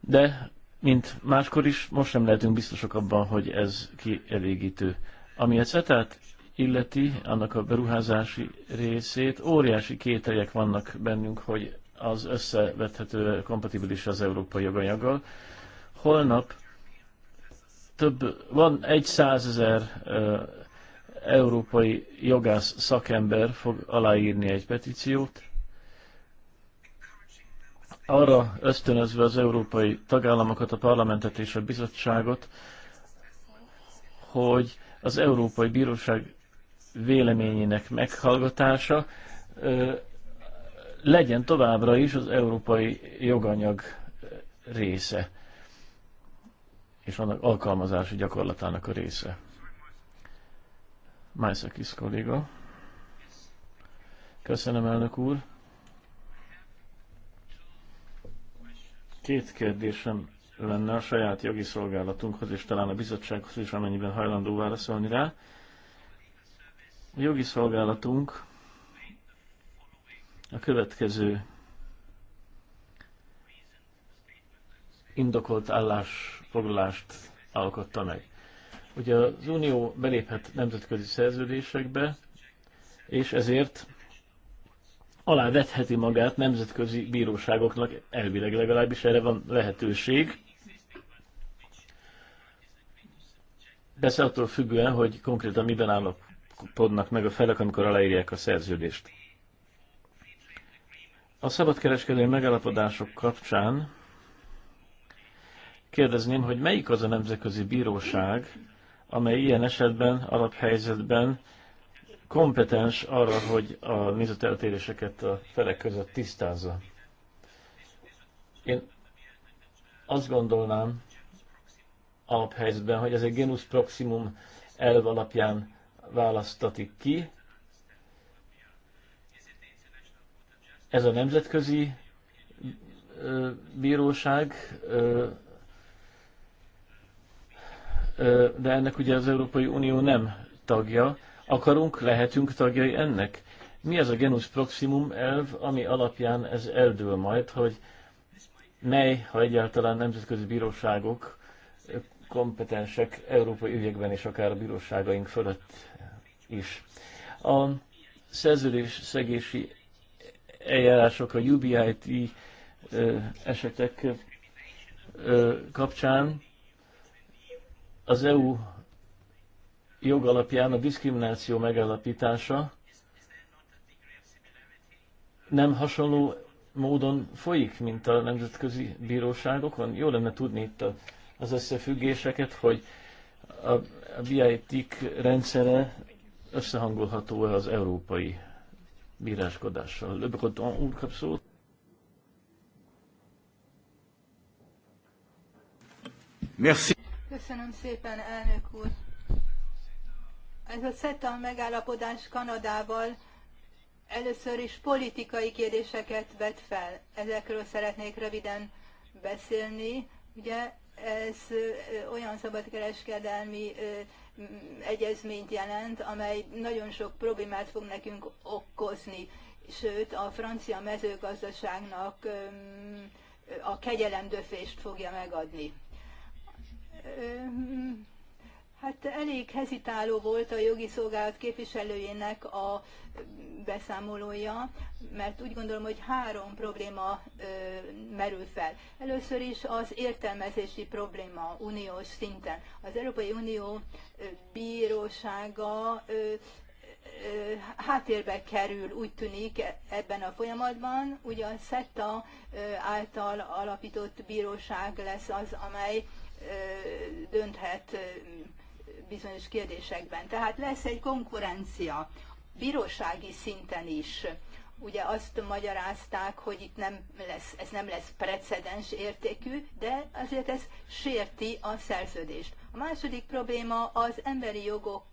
de mint máskor is, most sem lehetünk biztosak abban, hogy ez kielégítő. Ami a CETÁT illeti, annak a beruházási részét, óriási kételjek vannak bennünk, hogy az összevethető, kompatibilis az európai joganyaggal. Holnap több, van egy százezer európai jogász szakember fog aláírni egy petíciót, arra ösztönözve az európai tagállamokat, a parlamentet és a bizottságot, hogy az Európai Bíróság véleményének meghallgatása legyen továbbra is az európai joganyag része, és annak alkalmazási gyakorlatának a része. Májszakisz kolléga. Köszönöm, elnök úr. Két kérdésem lenne a saját jogi szolgálatunkhoz, és talán a bizottsághoz is, amennyiben hajlandó válaszolni rá. A jogi szolgálatunk a következő indokolt állásfoglalást alkotta meg. Ugye az Unió beléphet nemzetközi szerződésekbe, és ezért alávetheti magát nemzetközi bíróságoknak, elvileg legalábbis erre van lehetőség. Persze attól függően, hogy konkrétan miben állapodnak meg a felek, amikor aláírják a szerződést. A szabadkereskedelmi megállapodások kapcsán kérdezném, hogy melyik az a nemzetközi bíróság, amely ilyen esetben, alaphelyzetben kompetens arra, hogy a nézeteltéréseket a felek között tisztázza. Én azt gondolnám, alaphelyzetben, hogy ez egy genus proximum elv alapján választatik ki. Ez a nemzetközi bíróság, de ennek ugye az Európai Unió nem tagja. Akarunk, lehetünk tagjai ennek? Mi ez a genus proximum elv, ami alapján ez eldől majd, hogy mely, ha egyáltalán nemzetközi bíróságok kompetensek európai ügyekben és akár a bíróságaink fölött is. A szerződés szegési eljárások a UBIT esetek kapcsán az EU jogalapján a diszkrimináció megállapítása nem hasonló módon folyik, mint a nemzetközi bíróságokon? Jó lenne tudni itt a az összefüggéseket, hogy a, a BIT-k rendszere összehangolható-e az európai bíráskodással. Löbökot úr kap szót. Merci. Köszönöm szépen, elnök úr. Ez a CETA megállapodás Kanadával először is politikai kérdéseket vet fel. Ezekről szeretnék röviden beszélni. Ugye ez olyan szabadkereskedelmi egyezményt jelent, amely nagyon sok problémát fog nekünk okozni. Sőt, a francia mezőgazdaságnak a kegyelemdöfést fogja megadni Hát elég hezitáló volt a jogi szolgálat képviselőjének a beszámolója, mert úgy gondolom, hogy három probléma ö, merül fel. Először is az értelmezési probléma uniós szinten. Az Európai Unió bírósága ö, ö, háttérbe kerül, úgy tűnik ebben a folyamatban. Ugye a SETA által alapított bíróság lesz az, amely dönthet bizonyos kérdésekben. Tehát lesz egy konkurencia bírósági szinten is. Ugye azt magyarázták, hogy itt nem lesz, ez nem lesz precedens értékű, de azért ez sérti a szerződést. A második probléma az emberi jogok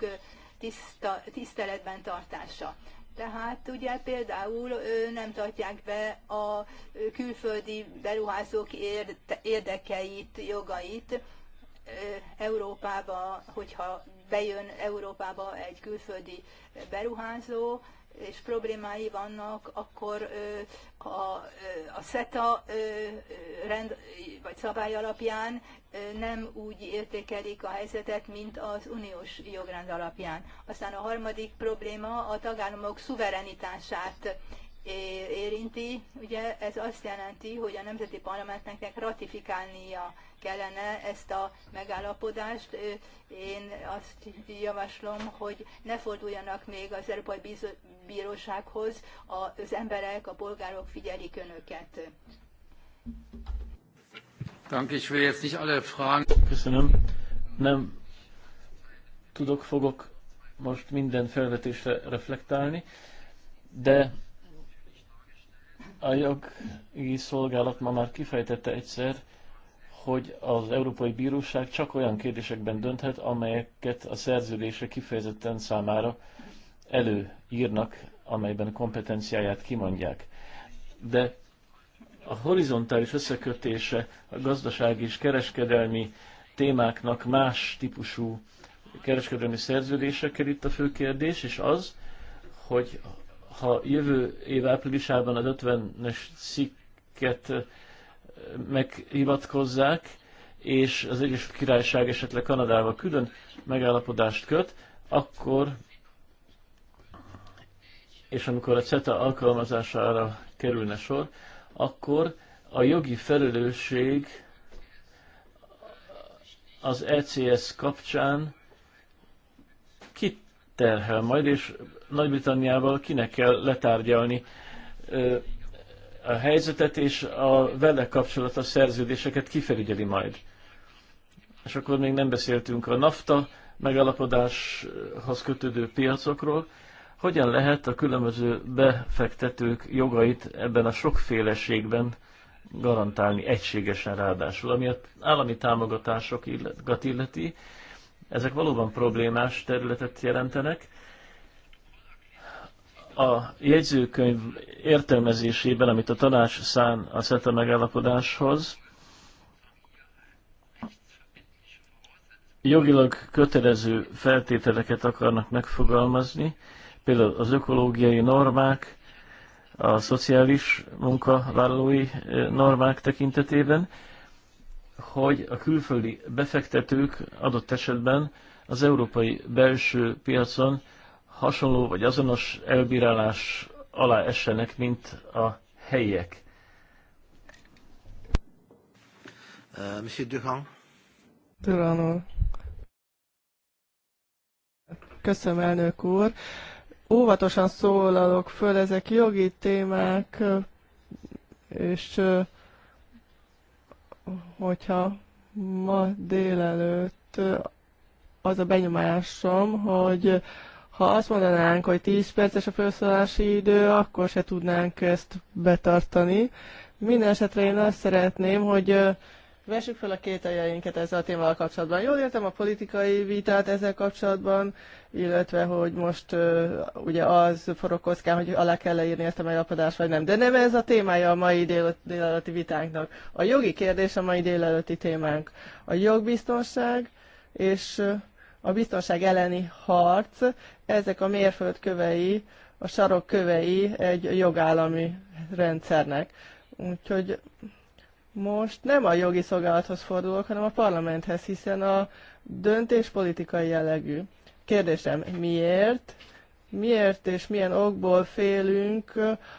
tiszta, tiszteletben tartása. Tehát ugye például nem tartják be a külföldi beruházók érdekeit, jogait, Európába, hogyha bejön Európába egy külföldi beruházó, és problémái vannak, akkor a, a SETA rend vagy szabály alapján nem úgy értékelik a helyzetet, mint az uniós jogrend alapján. Aztán a harmadik probléma a tagállamok szuverenitását érinti. Ugye ez azt jelenti, hogy a Nemzeti Parlamentnek ratifikálnia kellene ezt a megállapodást. Én azt javaslom, hogy ne forduljanak még az Európai Bírósághoz az emberek, a polgárok figyelik önöket. Köszönöm. Nem tudok, fogok most minden felvetésre reflektálni, de a jogi szolgálat ma már kifejtette egyszer, hogy az Európai Bíróság csak olyan kérdésekben dönthet, amelyeket a szerződése kifejezetten számára előírnak, amelyben kompetenciáját kimondják. De a horizontális összekötése a gazdasági és kereskedelmi témáknak más típusú kereskedelmi szerződésekkel itt a fő kérdés, és az, hogy ha jövő év áprilisában az 50-es cikket meghivatkozzák, és az Egyesült Királyság esetleg Kanadával külön megállapodást köt, akkor és amikor a CETA alkalmazására kerülne sor, akkor a jogi felelősség az ECS kapcsán terhel majd, és Nagy-Britanniával kinek kell letárgyalni a helyzetet, és a vele kapcsolatos szerződéseket kifelügyeli majd. És akkor még nem beszéltünk a NAFTA megalapodáshoz kötődő piacokról, hogyan lehet a különböző befektetők jogait ebben a sokféleségben garantálni egységesen ráadásul, ami az állami támogatásokat illeti, ezek valóban problémás területet jelentenek. A jegyzőkönyv értelmezésében, amit a tanács szán a SETA megállapodáshoz, jogilag kötelező feltételeket akarnak megfogalmazni, például az ökológiai normák, a szociális munkavállalói eh, normák tekintetében, hogy a külföldi befektetők adott esetben az európai belső piacon hasonló vagy azonos elbírálás alá essenek, mint a helyiek. Uh, Köszönöm, elnök úr. Óvatosan szólalok föl, ezek jogi témák, és hogyha ma délelőtt az a benyomásom, hogy ha azt mondanánk, hogy 10 perces a felszólási idő, akkor se tudnánk ezt betartani. Minden esetre én azt szeretném, hogy Vessük fel a kételjeinket ezzel a témával kapcsolatban. Jól értem a politikai vitát ezzel kapcsolatban, illetve hogy most uh, ugye az forog kockán, hogy alá kell leírni ezt a megalapodást, vagy nem. De nem ez a témája a mai dél- délelőtti vitánknak. A jogi kérdés a mai délelőtti témánk. A jogbiztonság és a biztonság elleni harc, ezek a mérföldkövei, a sarokkövei egy jogállami rendszernek. Úgyhogy most nem a jogi szolgálathoz fordulok, hanem a parlamenthez, hiszen a döntés politikai jellegű. Kérdésem, miért? Miért és milyen okból félünk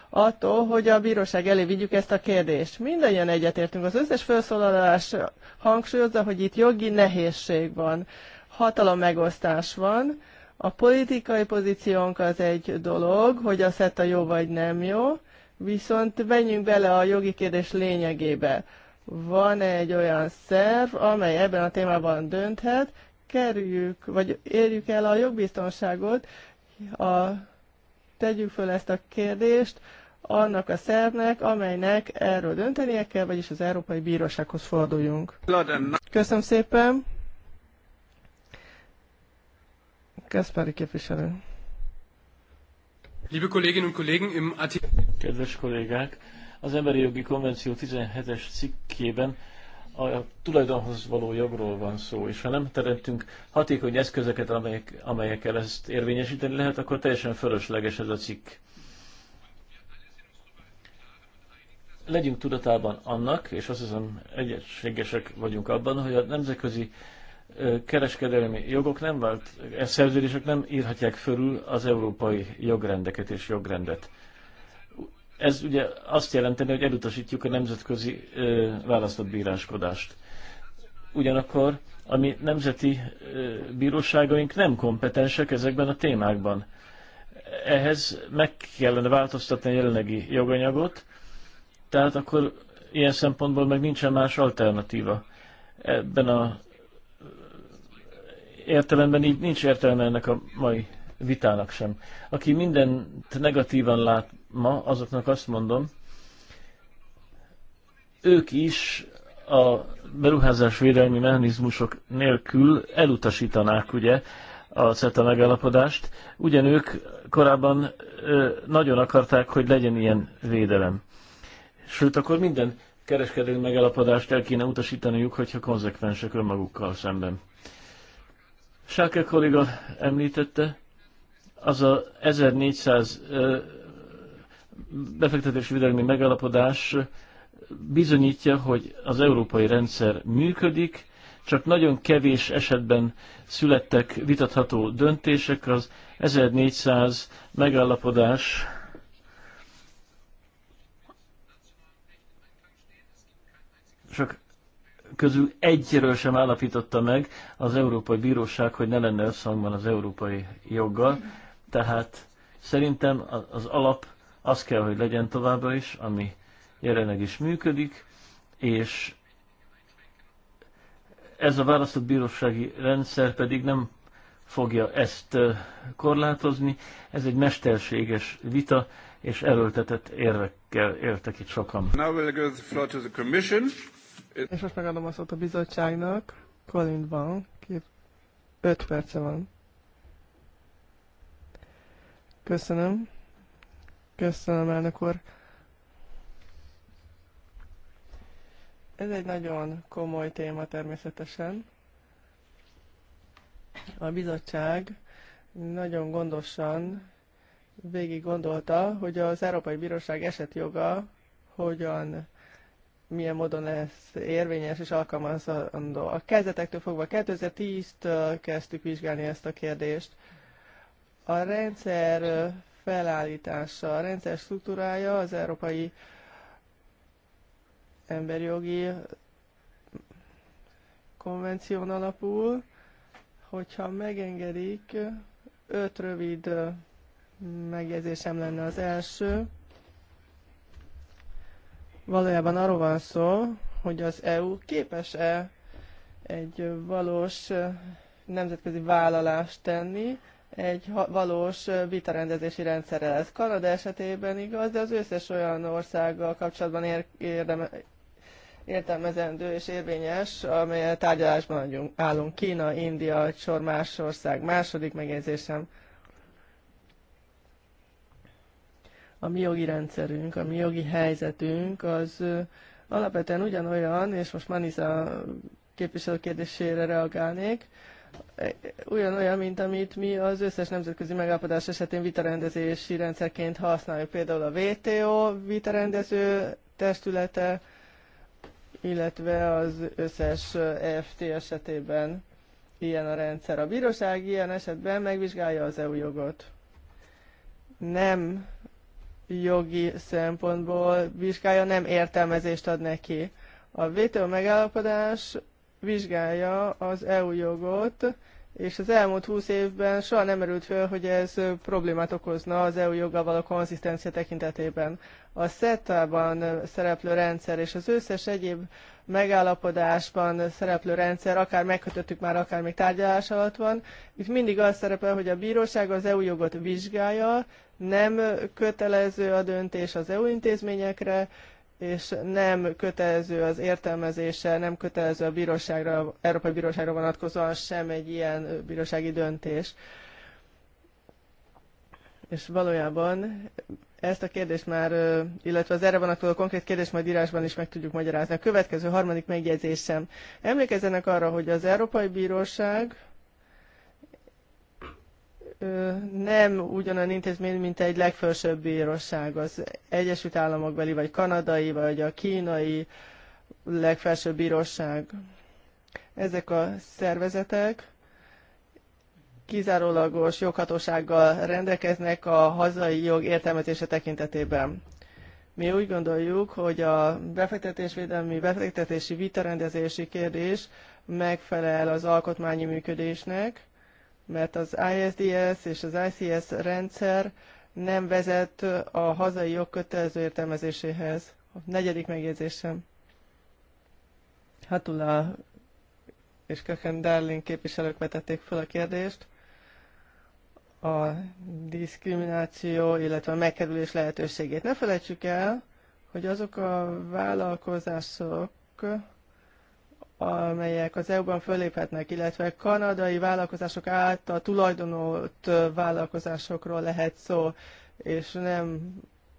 attól, hogy a bíróság elé vigyük ezt a kérdést? Mindannyian egyetértünk. Az összes felszólalás hangsúlyozza, hogy itt jogi nehézség van, hatalom megosztás van. A politikai pozíciónk az egy dolog, hogy a SZETA jó vagy nem jó, Viszont menjünk bele a jogi kérdés lényegébe. Van egy olyan szerv, amely ebben a témában dönthet, kerüljük, vagy érjük el a jogbiztonságot, a, tegyük föl ezt a kérdést annak a szervnek, amelynek erről döntenie kell, vagyis az Európai Bírósághoz forduljunk. Köszönöm szépen! Kaspari képviselő. Liebe Kolleginnen und Kollegen, im Kedves kollégák, az Emberi Jogi Konvenció 17-es cikkében a tulajdonhoz való jogról van szó, és ha nem teremtünk hatékony eszközeket, amelyek, amelyekkel ezt érvényesíteni lehet, akkor teljesen fölösleges ez a cikk. Legyünk tudatában annak, és azt hiszem egyességesek vagyunk abban, hogy a nemzetközi kereskedelmi jogok nem vált, e, szerződések nem írhatják fölül az európai jogrendeket és jogrendet. Ez ugye azt jelenteni, hogy elutasítjuk a nemzetközi választott bíráskodást. Ugyanakkor a mi nemzeti bíróságaink nem kompetensek ezekben a témákban. Ehhez meg kellene változtatni a jelenlegi joganyagot, tehát akkor ilyen szempontból meg nincsen más alternatíva. Ebben a értelemben így nincs értelme ennek a mai vitának sem. Aki mindent negatívan lát ma, azoknak azt mondom, ők is a beruházás védelmi mechanizmusok nélkül elutasítanák ugye a CETA megállapodást, ugyan ők korábban ö, nagyon akarták, hogy legyen ilyen védelem. Sőt, akkor minden kereskedelmi megállapodást el kéne utasítaniuk, hogyha konzekvensek önmagukkal szemben. Sáke kolléga említette, az a 1400 befektetési védelmi megalapodás bizonyítja, hogy az európai rendszer működik, csak nagyon kevés esetben születtek vitatható döntések. Az 1400 megállapodás csak közül egyről sem állapította meg az Európai Bíróság, hogy ne lenne összhangban az európai joggal. Tehát szerintem az alap az kell, hogy legyen továbbra is, ami jelenleg is működik, és ez a választott bírósági rendszer pedig nem fogja ezt korlátozni. Ez egy mesterséges vita, és erőltetett érvekkel éltek itt sokan. Now we'll go to the commission. És most megadom a szót a bizottságnak. Colin van, kép 5 perce van. Köszönöm. Köszönöm, elnök úr. Ez egy nagyon komoly téma természetesen. A bizottság nagyon gondosan végig gondolta, hogy az Európai Bíróság esetjoga hogyan milyen módon lesz érvényes és alkalmazandó. A kezdetektől fogva 2010-től kezdtük vizsgálni ezt a kérdést. A rendszer felállítása, a rendszer struktúrája az Európai Emberjogi Konvención alapul. Hogyha megengedik, öt rövid megjegyzésem lenne az első Valójában arról van szó, hogy az EU képes-e egy valós nemzetközi vállalást tenni, egy valós vitarendezési rendszerrel. Ez Kanada esetében igaz, de az összes olyan országgal kapcsolatban ér, érdeme, értelmezendő és érvényes, amelyel tárgyalásban állunk. Kína, India, egy sor más ország. Második megjegyzésem. a mi jogi rendszerünk, a mi jogi helyzetünk az alapvetően ugyanolyan, és most Manisa képviselő kérdésére reagálnék, e, ugyanolyan, mint amit mi az összes nemzetközi megállapodás esetén vitarendezési rendszerként használjuk, például a WTO vitarendező testülete, illetve az összes EFT esetében ilyen a rendszer. A bíróság ilyen esetben megvizsgálja az EU jogot. Nem jogi szempontból vizsgálja, nem értelmezést ad neki. A WTO megállapodás vizsgálja az EU jogot, és az elmúlt húsz évben soha nem merült fel, hogy ez problémát okozna az EU joggal való konzisztencia tekintetében. A SETA-ban szereplő rendszer és az összes egyéb megállapodásban szereplő rendszer, akár megkötöttük már, akár még tárgyalás alatt van, itt mindig az szerepel, hogy a bíróság az EU jogot vizsgálja, nem kötelező a döntés az EU intézményekre, és nem kötelező az értelmezése, nem kötelező a bíróságra, Európai Bíróságra vonatkozóan sem egy ilyen bírósági döntés. És valójában ezt a kérdést már, illetve az erre vonatkozó konkrét kérdést majd írásban is meg tudjuk magyarázni. A következő harmadik megjegyzésem. Emlékezzenek arra, hogy az Európai Bíróság nem ugyanolyan intézmény, mint egy legfelsőbb bíróság, az Egyesült Államokbeli, vagy kanadai, vagy a kínai legfelsőbb bíróság. Ezek a szervezetek kizárólagos joghatósággal rendelkeznek a hazai jog értelmezése tekintetében. Mi úgy gondoljuk, hogy a befektetésvédelmi, befektetési vitarendezési kérdés megfelel az alkotmányi működésnek, mert az ISDS és az ICS rendszer nem vezet a hazai jog kötelező értelmezéséhez. A negyedik megjegyzésem. Hatula és Köken Darling képviselők vetették fel a kérdést. A diszkrimináció, illetve a megkerülés lehetőségét. Ne felejtsük el, hogy azok a vállalkozások, amelyek az EU-ban föléphetnek, illetve kanadai vállalkozások által tulajdonolt vállalkozásokról lehet szó, és nem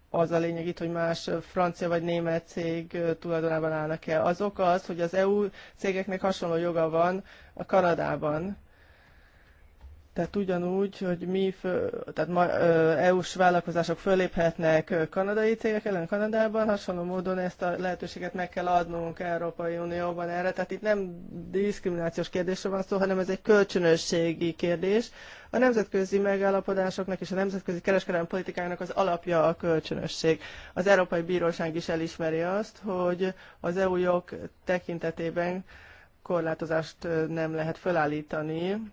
az a lényeg itt, hogy más francia vagy német cég tulajdonában állnak e Az oka az, hogy az EU cégeknek hasonló joga van a Kanadában, tehát ugyanúgy, hogy mi, fő, tehát ma, EU-s vállalkozások föléphetnek kanadai cégek ellen Kanadában, hasonló módon ezt a lehetőséget meg kell adnunk Európai Unióban erre. Tehát itt nem diszkriminációs kérdésre van szó, hanem ez egy kölcsönösségi kérdés. A nemzetközi megállapodásoknak és a nemzetközi kereskedelmi politikának az alapja a kölcsönösség. Az Európai Bíróság is elismeri azt, hogy az EU jog tekintetében korlátozást nem lehet felállítani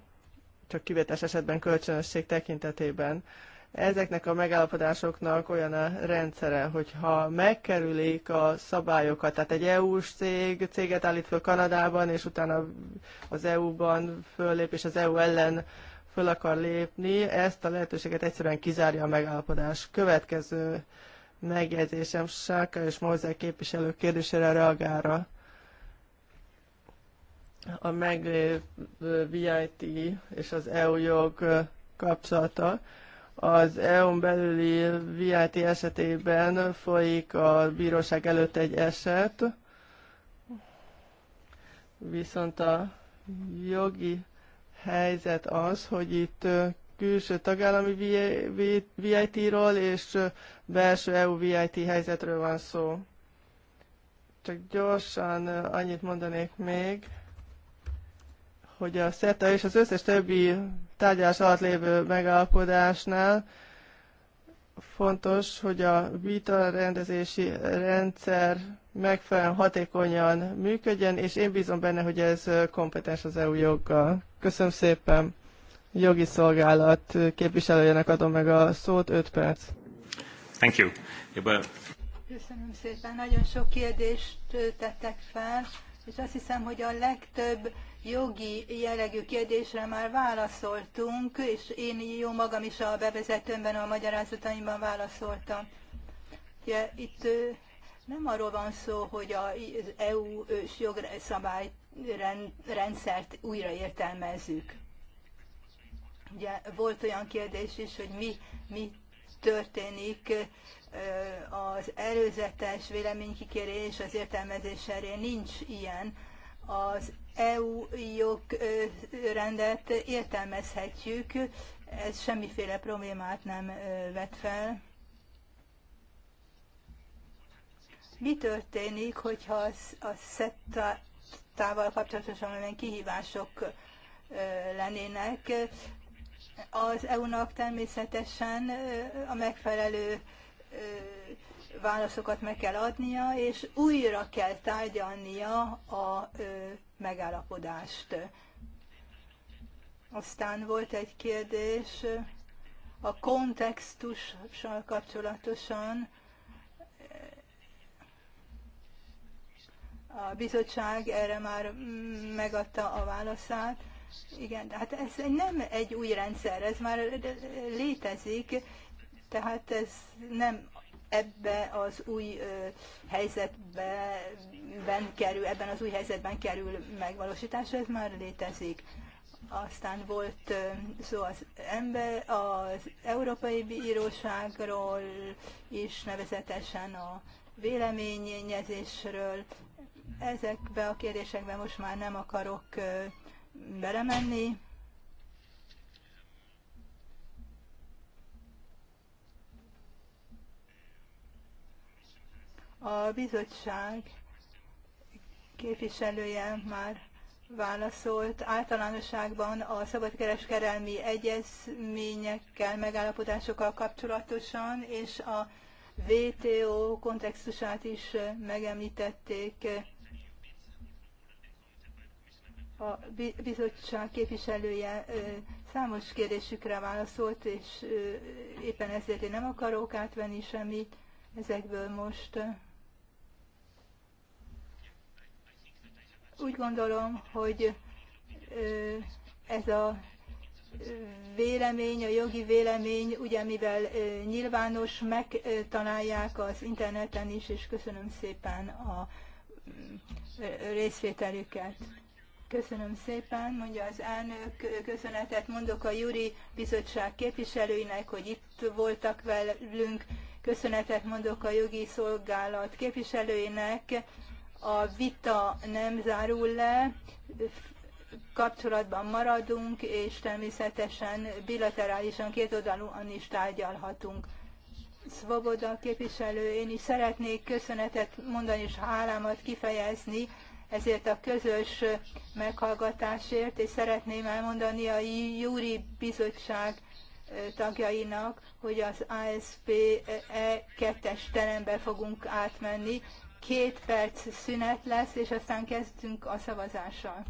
csak kivételes esetben kölcsönösség tekintetében. Ezeknek a megállapodásoknak olyan a rendszere, hogyha megkerülik a szabályokat, tehát egy EU-s cég, céget állít föl Kanadában, és utána az EU-ban föllép, és az EU ellen föl akar lépni, ezt a lehetőséget egyszerűen kizárja a megállapodás. Következő megjegyzésem Sáka és Mozer képviselő kérdésére reagálra a meglévő VIT és az EU jog kapcsolata. Az EU-n belüli VIT esetében folyik a bíróság előtt egy eset, viszont a jogi helyzet az, hogy itt külső tagállami VIT-ról és belső EU VIT helyzetről van szó. Csak gyorsan annyit mondanék még, hogy a SETA és az összes többi tárgyalás alatt lévő megállapodásnál fontos, hogy a vita rendezési rendszer megfelelően hatékonyan működjön, és én bízom benne, hogy ez kompetens az EU joggal. Köszönöm szépen. Jogi szolgálat képviselőjének adom meg a szót, 5 perc. Thank you. Köszönöm szépen. Nagyon sok kérdést tettek fel, és azt hiszem, hogy a legtöbb jogi jellegű kérdésre már válaszoltunk, és én jó magam is a bevezetőmben, a magyarázataimban válaszoltam. Ja, itt nem arról van szó, hogy az EU-s jogrendszert újraértelmezzük. Ugye volt olyan kérdés is, hogy mi, mi történik az előzetes véleménykikérés az értelmezés erén nincs ilyen. Az EU jogrendet értelmezhetjük, ez semmiféle problémát nem vet fel. Mi történik, hogyha a SZETA-tával kapcsolatosan olyan kihívások lennének? Az EU-nak természetesen a megfelelő válaszokat meg kell adnia, és újra kell tárgyalnia a megállapodást. Aztán volt egy kérdés a kontextussal kapcsolatosan. A bizottság erre már megadta a válaszát. Igen, de hát ez nem egy új rendszer, ez már létezik, tehát ez nem ebbe az új helyzetben kerül, ebben az új helyzetben kerül megvalósításra, ez már létezik. Aztán volt szó az, ember, az Európai Bíróságról is, nevezetesen a véleményezésről. Ezekbe a kérdésekbe most már nem akarok belemenni, A bizottság képviselője már válaszolt. Általánosságban a szabadkereskedelmi egyezményekkel, megállapodásokkal kapcsolatosan, és a WTO kontextusát is megemlítették. A bizottság képviselője számos kérdésükre válaszolt, és éppen ezért én nem akarok átvenni semmit ezekből most. Úgy gondolom, hogy ez a vélemény, a jogi vélemény, ugye mivel nyilvános, megtalálják az interneten is, és köszönöm szépen a részvételüket. Köszönöm szépen, mondja az elnök. Köszönetet mondok a Juri Bizottság képviselőinek, hogy itt voltak velünk. Köszönetet mondok a jogi szolgálat képviselőinek, a vita nem zárul le, kapcsolatban maradunk, és természetesen bilaterálisan kétoldalúan is tárgyalhatunk. Svoboda képviselő, én is szeretnék köszönetet mondani és hálámat kifejezni ezért a közös meghallgatásért, és szeretném elmondani a Júri Bizottság eh, tagjainak, hogy az ASP E2-es terembe fogunk átmenni, két perc szünet lesz, és aztán kezdünk a szavazással.